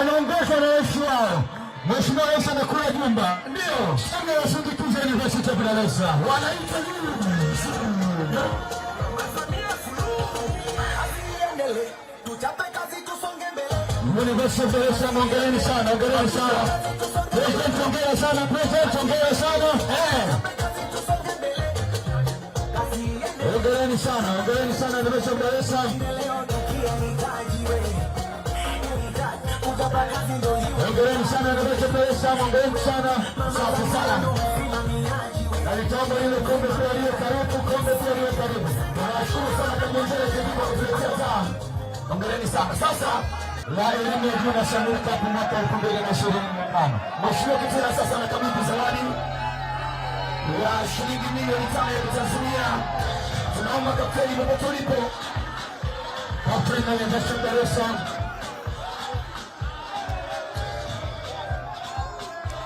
anaongozwa na rais wao Mheshimiwa Rais anakula jumba, ndio sana ya Sindikiza University of Dar es Salaam wanaita Ongereni sana, ongereni sana President, ongera sana President, ongera sana eh. ongereni sana, ongereni sana University of Dar es Hongereni sana, naboresha pesa, hongereni sana, safi sana. Nalitambo ile kombe pia liwe karibu, kombe pia liwe karibu. Nashukuru sana kwa mwenzewe kwa kutuletea taa. Hongereni sana. Sasa la elimu ya juu na Shamiri Cup mwaka 2025. Mheshimiwa Kitila sasa anakabidhi zawadi ya shilingi milioni tano ya Tanzania. Tunaomba kapteni popote ulipo, kapteni wa Dar es Salaam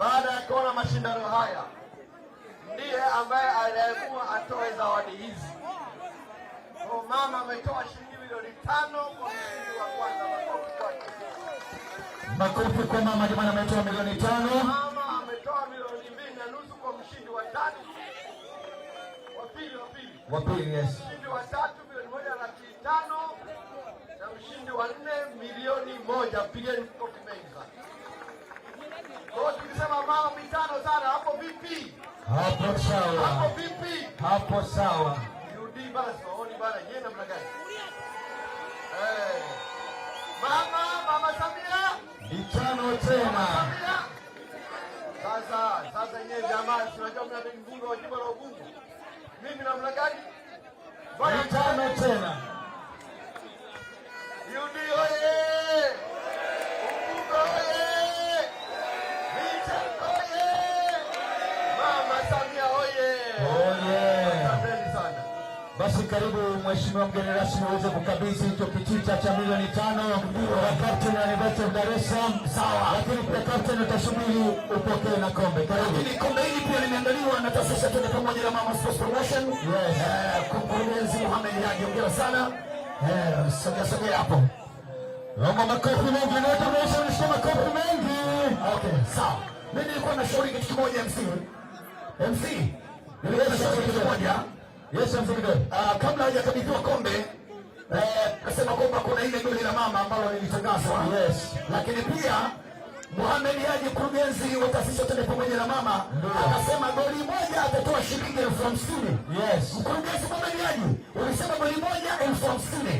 baada ya kuona mashindano haya ndiye ambaye aliamua atoe zawadi hizi. Kwa mama ametoa shilingi milioni tano kwa mshindi wa kwanza. Makofi kwa mama jamani, ametoa milioni tano. Mama ametoa milioni mbili na nusu kwa mshindi wa tatu, wa pili, wa pili, wa pili, yes. Mshindi wa tatu milioni moja laki tano na mshindi wa nne milioni moja. Pigeni tano sana hapo vipi? Hapo sawa. Hapo vipi? Hapo sawa. Rudi basi waone bana yeye namna gani? Eh. Mama, Mama Samia. Vitano tena. Sasa, sasa yeye jamaa si unajua mna mbunge wa jimbo la Ubungo. Mimi namna gani? Vitano tena. Basi karibu mheshimiwa mgeni rasmi uweze kukabidhi hicho kichicha cha milioni tano kwa kapteni wa University of Dar es Salaam. Sawa. Lakini pia kapteni, utasubiri upokee na kombe. Karibu. Lakini kombe hili pia limeandaliwa na taasisi tena Pamoja na Mama Sports Promotion. Yes. Eh, mkurugenzi Mohamed Haji, hongera sana. Eh, sogea sogea hapo. Naomba makofi mengi, na naomba makofi mengi. Okay, sawa. Mimi nilikuwa na shauri kitu kimoja MC. MC. Nilikuwa na shauri kitu kimoja. Yesu amsifiwe. Ah, kabla hajakabidhiwa kombe eh, kasema kwamba kuna ile doli la mama ambalo lilitangaswa. Yes. Lakini pia Muhammad Haji mkurugenzi wa taasisi Twende Pamoja na Mama akasema goli moja atatoa shilingi elfu hamsini. Yes. Mkurugenzi Muhammad Haji ulisema goli moja elfu hamsini.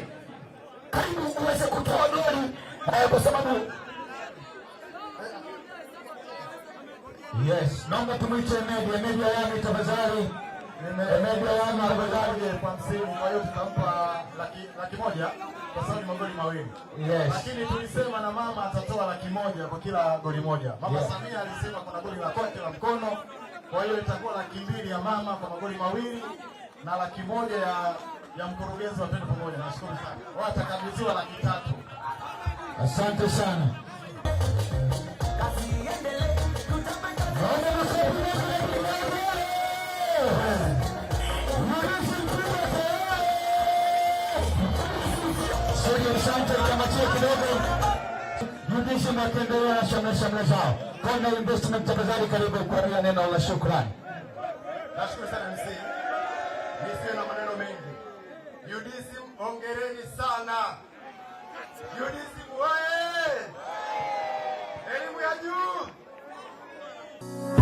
Karibu uweze kutoa goli eh, kwa sababu eh, Yes, naomba tumuite media, media yangu tafadhali nimegawana wachezaji kwa msimu, kwa hiyo tutampa laki moja kwa sababu ni magoli mawili, lakini tulisema na mama atatoa laki moja kwa kila goli moja. Mama Samia alisema kuna goli la kwake la mkono, kwa hiyo itakuwa laki mbili ya mama kwa magoli mawili na laki moja ya ya mkurugenzi wa pendo Pamoja. Nashukuru sana, watakabidhiwa laki tatu. Asante sana. kidogo rudisha matendo ya shamra shamra zao. Konda Investment, tafadhali karibu kuaria neno la shukrani. Nashukuru sana mzee, nisiwe na maneno mengi. UDSM ongereni sana. UDSM wae, elimu ya juu